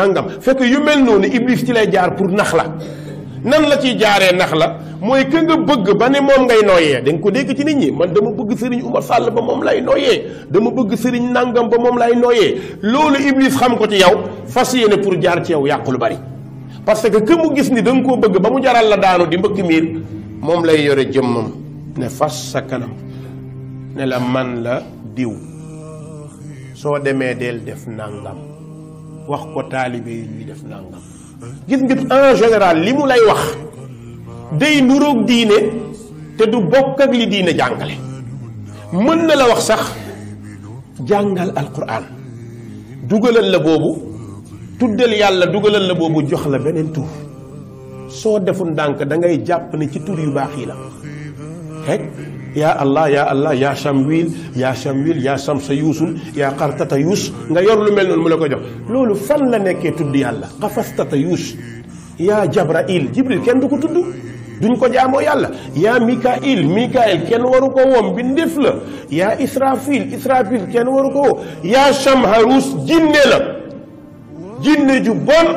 nangam fekk yu mel noonu iblis ci lay jaar pour nax la nan la ciy jaaree nax la mooy que nga bëgg ba ne moom ngay nooyee da ko dégg ci nit ñi man dama bëgg sëriñ Oumar Sall ba moom lay nooyee dama bëgg sëriñ nangam ba moom lay nooyee loolu iblis xam ko ci yow fas yéene pour jaar ci yow yàqu lu bari. parce que que mu gis ni da koo bëgg ba mu jaral la daanu di mbëkk miir moom lay yore jëmmam ne fas sa kanam ne la man la diw soo demee del def nangam. wax ko taalibe yi def nangam gis nga en général li mu lay wax day nuroog diine te du bokk li diine jàngale mën na la wax sax jàngal alquran dugalal la boobu tuddal yàlla dugalal la boobu jox la beneen tur soo deful ndànk da jàpp ni ci tur yu baax yi la rek yaa allah yaa allah yaa samwil yaa samwil yuusul yaa xartata yuus nga yor lu mel noonu mu la ko jox loolu fan la nekkee tudd yàlla xafastata yuus yaa jabrail jibril kenn du ko tudd duñ ko jaamoo yàlla yaa mikail mikail kenn waru ko woom bi ndef la yaa israfil israfil kenn waru ko woo yaa shamharus jinne la jinne ju bon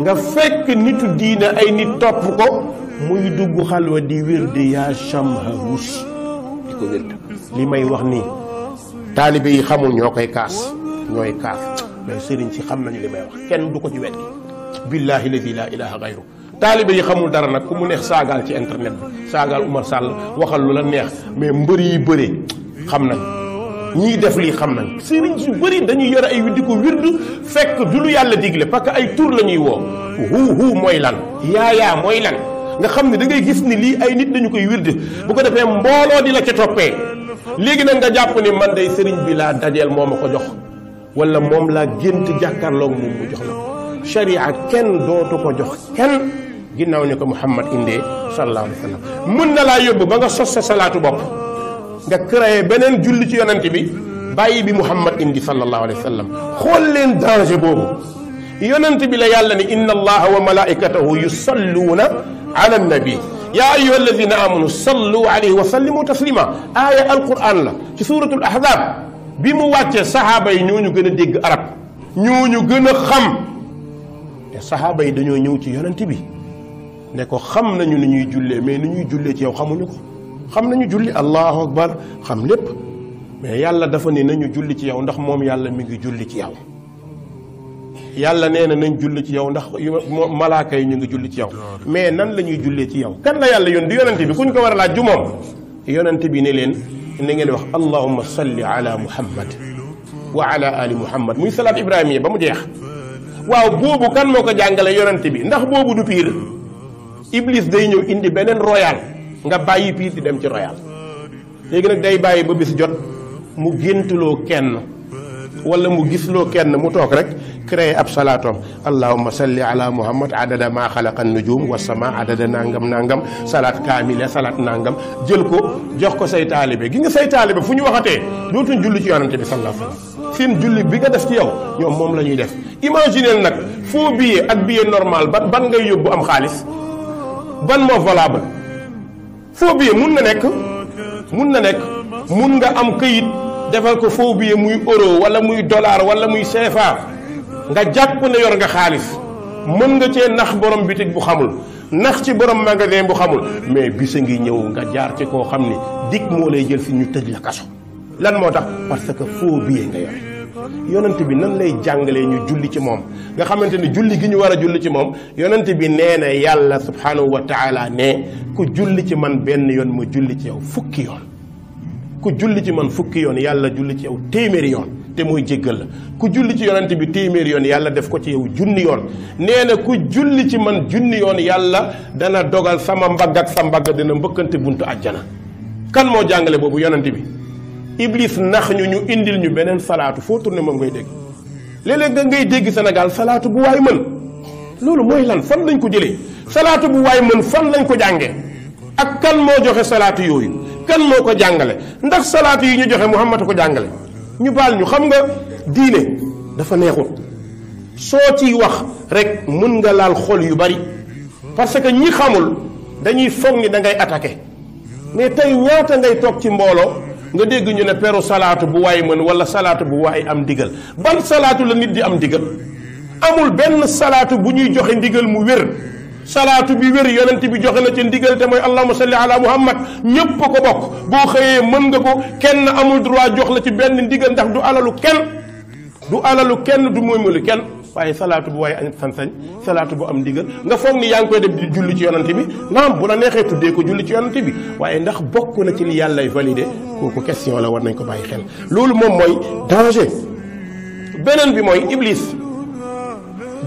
nga fekk nitu diina ay nit topp ko muy dugg xalwa di wér di yaa shamharus di li may wax nii taalibe yi xamul ñoo koy kaas ñooy kaas mais sëriñ si xam nañu li may wax kenn du ko ci weddi billaahi ladi laa ilaha gayru taalibe yi xamul dara nag ku mu neex saagaal ci internet bi saagaal Oumar Sall waxal lu la neex mais mbër yi bëree xam nañ ñii def lii xam nañ sëriñ su bëri dañuy yore ay di ko wird fekk du lu yàlla digle parce que ay tur la ñuy woo huuhuu mooy lan yaayaa mooy lan nga xam ne dangay gis ni lii ay nit dañu koy wirde bu ko defee mbooloo di la ca toppee léegi nag nga jàpp ni man day sëriñ bi laa dajeel moo ma ko jox wala moom laa gént jàkkaarloog moom mu jox la sharia kenn dootu ko jox kenn ginnaaw ni ko Muhammad indee sallallahu mën na laa yóbbu ba nga sos sa salaatu bopp nga créé beneen julli ci yonent bi bàyyi bi Muhammad indi sallallahu alayhi wa sallam xool leen danger boobu yonent bi la yàlla ni inna allaha wa malaikatahu yusalluuna ala nabi yaa ayyuha alladina amanu sallu alayhi wa sallimu taslima aaya alquran la ci suratul ahzab bi mu wàccee saxaaba yi ñoo ñu gën a dégg arab ñoo ñu gën a xam te saxaaba yi dañoo ñëw ci yonent bi ne ko xam nañu ni ñuy jullee mais ni ñuy jullee ci yow xamuñu ko xam nañu julli allahu akbar xam lépp mais yàlla dafa ne nañu julli ci yow ndax moom yàlla mi ngi julli ci yow yàlla nee na nañ julli ci yow ndax malaaka yi ñu ngi julli ci yow mais nan la ñuy jullee ci yow kan la yàlla yoon di yonente bi ku ñu ko war a laaj ju moom yonente bi ne leen na ngeen wax allahumma salli ala muhammad wa ala ali muhammad muy salaat ibrahimiya ba mu jeex waaw boobu kan moo ko jàngale yonente bi ndax boobu du piir iblis day ñëw indi beneen royal nga bàyyi piir di dem ci royal léegi nag day bàyyi ba bis jot mu géntuloo kenn wala mu gis loo kenn mu toog rek créé ab salaatoom allahumma salli ala muhammad adada maa xalaqa nujum wa sama adada nangam nangam salaat kaamila salaat nangam jël ko jox ko say taalibe gi nga say taalibe fu ñu waxatee dootuñ julli ci yonante bi sallallahu alayhi wa sallam julli bi nga def ci yow ñoom moom la ñuy def imaginez nag foo billet ak billet normal ban ban ngay yóbbu am xaalis ban moo valable faux billet mun na nekk mun na nekk mun nga am këyit defal ko foo billet muy euro wala muy dollar wala muy CFA nga jàpp ne yor nga xaalis mën nga cee nax borom bitig bu xamul nax ci borom magasin bu xamul mais bis a ngi ñëw nga jaar ci koo xam ni dikk moo lay jël si ñu tëj la kaso. lan moo tax parce que faux billet nga yore yonent bi nan lay jàngalee ñu julli ci moom nga xamante ni julli gi ñu war a julli ci moom yonent bi nee na yàlla subhanahu wa taala ne ku julli ci man benn yoon ma julli ci yow fukki ku julli ci man fukki yoon yàlla julli ci yow téeméeri yoon te mooy jéggal ku julli ci yonent bi téeméeri yoon yàlla def ko ci yow junni yoon nee na ku julli ci man junni yoon yàlla dana dogal sama mbagg sa mbagg dina mbëkkante buntu àjjana kan moo jàngale boobu yonent bi iblis nax ñu ñu indil ñu beneen salaatu foo tourné moom ngay dégg léeg-léeg ngay dégg Sénégal salaatu bu waay mën loolu mooy lan fan lañ ko jëlee salaatu bu waay mën fan lañ ko jàngee ak kan moo joxe salaatu yooyu kan moo ko jàngale ndax salaatu yi ñu joxe Muhammad ko jàngale ñu baal ñu xam nga diine dafa neexul soo ciy wax rek mën nga laal xol yu bari parce que ñi xamul dañuy foog ni da ngay attaqué mais tey ñaata ngay toog ci mbooloo nga dégg ñu ne peru salaatu bu waay mën wala salaatu bu waay am digal ban salaatu la nit di am ndigal amul benn salaatu bu ñuy joxe ndigal mu wér salaatu bi wér yonent bi joxe na ca ndigal te mooy allahuma salli ala muhammad ñépp a ko bokk boo xëyee mën nga ko kenn amul droit jox la ci benn ndigal ndax du alalu kenn du alalu kenn du moomalu kenn waaye salaatu bu waaye am sañ-sañ salaatu bu am ndigal nga foog ni yaa ngi koy def di julli ci yonante bi naam bu la neexee tuddee ko julli ci yonante bi waaye ndax bokk na ci li yàllay validé kooku question la war nañ ko bàyyi xel loolu moom mooy danger bi mooy iblis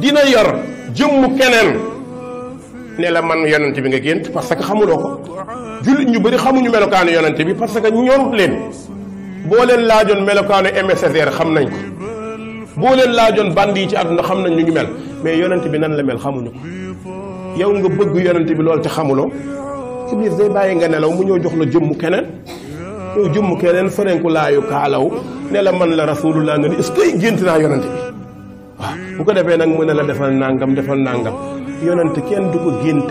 dina yor keneen ne la man yonent bi nga gént parce que xamuloo ko jullit ñu bëri xamuñu melokaanu yonent bi parce que ñorut leen boo leen laajoon melokaanu MSSR xam nañ ko boo leen laajoon bandi yi ci àdduna xam nañ ñu ngi mel mais yonent bi nan la mel xamuñu ko yow nga bëgg yonent bi loolu te xamuloo iblis day bàyyi nga nelaw mu ñëw jox la jëmmu keneen yow jëmmu keneen ferenku laayu kaalaw ne la man la rasulullah nga ni est que gént naa yonent bi bu ko defee nag mu ne la defal nangam defal nangam yonent kenn du ko gént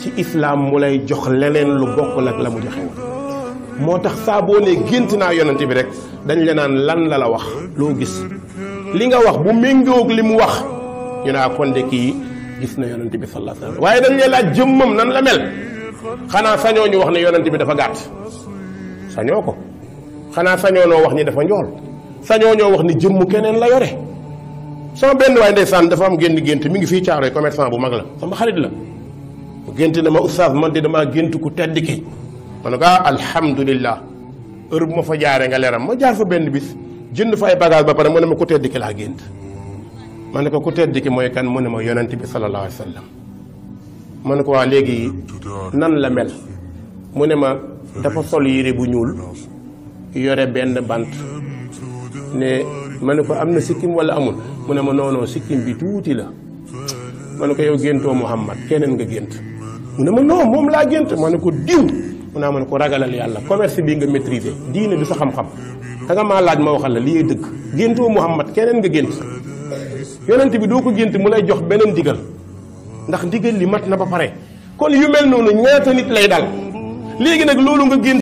ci islaam mu lay jox leneen lu bokkul ak la mu joxe moo tax saaboo boo gént naa yonent bi rek dañ la naan lan la la wax loo gis li nga wax bu méngoog li mu wax ñu naa ah, kon de kii gis na yonent bi sallallahu la wasallam waaye dañ leen laaj jëmmam nan la mel xanaa sañoo ñu wax ne yonent bi dafa gàtt sañoo ko xanaa sañoo noo wax ñi dafa njool sañoo ñoo wax ni jëmm keneen la yore sama benn waay ndeysaan dafa am génn gént mi ngi fii caarooy commerçant bu mag la sama xarit la mu gént dama oustaz man de damaa gént ku tedd ki ma ne ko ah alhamdulilah heure bu ma fa jaaree nga leeram ma jaar fa benn bis jënd fa ay bagage ba pare mu ne ma ku tedd ki laa gént ma ne ko ku tedd ki mooy kan mu ne ma yonent bi sallallahu alayhi wa sallam ma ne ko waa léegi nan la mel mu ne ma dafa sol yére bu ñuul yore benn bant ne ma ne ko am na sikkim wala amul mu ne ma noonoo sikkim bi tuuti la ma ne ko yow géntoo Muhammad keneen nga gént mu ne ma non moom laa gént ma ne ko diw mu naa ma ne ko ragalal yàlla commerce bii nga maîtriser diine du sa xam-xam da nga maa laaj ma waxal la lii dëgg géntoo Muhammad keneen nga gént yonent bi doo ko gént mu lay jox beneen ndigal ndax ndigal li mat na ba pare kon yu mel noonu ñaata nit lay dal léegi nag loolu nga gént